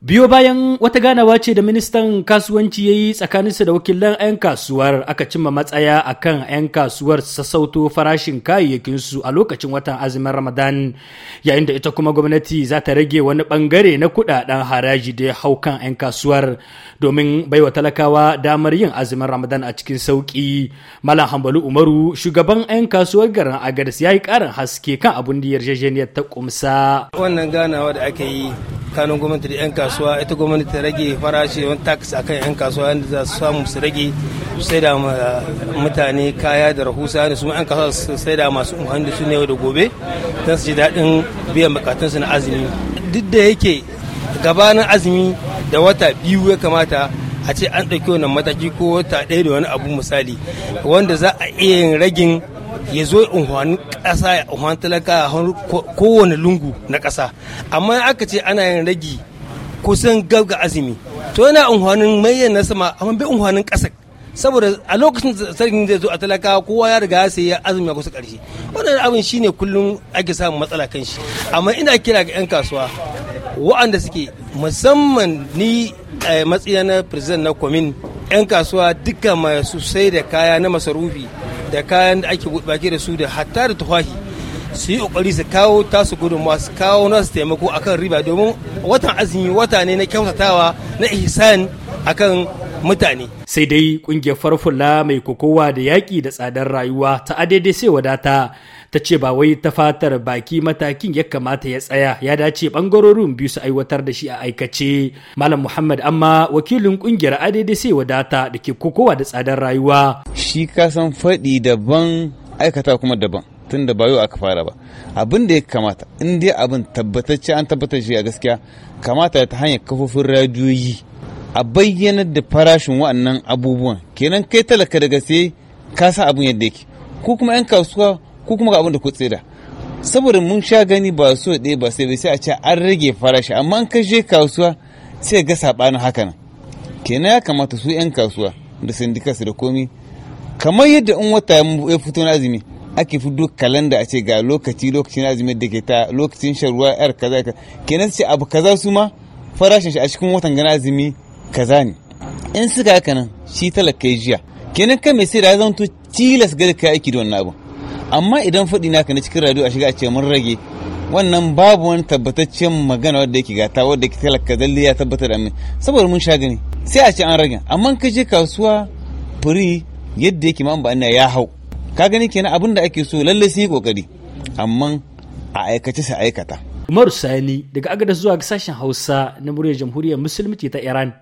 biyo bayan wata ganawa ce da ministan kasuwanci ya yi tsakaninsa da wakilan 'yan kasuwar aka cimma matsaya a kan 'yan kasuwar sassauto farashin kayayyakinsu a lokacin watan azumin ramadan yayin da ita kuma gwamnati za ta rage wani bangare na kudaden haraji da ya hau kan 'yan kasuwar domin baiwa talakawa damar yin azumin ramadan a cikin sauki malam hambalu umaru shugaban 'yan kasuwar garin agadis ya yi karin haske kan abun da yarjejeniyar ta kumsa wannan ganawa da aka yi kanun gwamnati da 'yan kasuwa ita gwamnati ta rage farashi wani tax kan 'yan kasuwa yadda za su samu su rage sai da mutane kaya da rahusa da su 'yan kasuwa sai da masu umarni da su ne da gobe don su ji daɗin biyan bukatunsu na azumi duk da yake gabanin azumi da wata biyu ya kamata a ce an ɗauki wannan mataki ko wata ɗaya da wani abu misali wanda za a iya yin ragin ya zo unhwanin ƙasa unhwan talaka kowane lungu na ƙasa amma aka ce ana yin ragi kusan gabga azumi to yana unhwanin mayan na sama amma bai unhwanin ƙasa saboda a lokacin sarkin zai zo a talaka kowa ya riga sai ya azumi a kusa ƙarshe wannan abin ne kullum ake samun matsala kan shi amma ina kira ga 'yan kasuwa wa'anda suke musamman ni a matsayi na president na kwamin 'yan kasuwa duka masu sai da kaya na masarufi da kayan da ake baki da su da hatta da tufahi su yi kokari su kawo tasu gudunmawa su kawo nasu taimako akan riba domin watan azumi wata ne na kyautatawa na ihsan akan mutane. Sai dai kungiyar farfula mai kokowa da yaƙi da tsadar rayuwa ta adaidai sai wadata ta ce ba wai ta fatar baki matakin ya kamata ya tsaya ya dace bangarorin biyu su aiwatar da shi a aikace. Malam Muhammad amma wakilin kungiyar adaidai sai wadata da ke kokowa da tsadar rayuwa. shi kasan faɗi daban aikata kuma daban tun da bayo aka fara ba abin da ya kamata in dai abin tabbatacce an tabbatar shi a gaskiya kamata ta hanyar kafofin radiyoyi a bayyana da farashin wa'annan abubuwan kenan kai talaka daga sai ka sa abin yadda yake ko kuma 'yan kasuwa ko kuma abin da ku tsira saboda mun sha gani ba so ɗaya ba sai sai a ce an rage farashi amma an kashe kasuwa sai ga saɓanin haka nan kenan ya kamata su 'yan kasuwa da sindikas da komi kamar yadda in wata ya fito na azumi ake fito kalanda a ce ga lokaci lokacin azumi da ke ta lokacin shan ruwa yar kaza kenan ce abu kaza su ma farashin shi a cikin watan gana azumi kaza ne in suka haka nan shi talaka ya jiya kenan kan mai sai da zan tilas ga kai aiki da wannan abu amma idan faɗi naka na cikin radio a shiga a ce mun rage wannan babu wani tabbataccen magana wadda yake gata wadda talaka zalle ya tabbatar da amin saboda mun sha gani sai a ce an rage amma ka je kasuwa firi yadda yake ma ba ya hau ka gani kenan abin da ake so lalle sai yi kokari amma a aikace sai aikata Umaru Sani daga Agadas zuwa sashen Hausa na muryar Jamhuriyar Musulunci ta Iran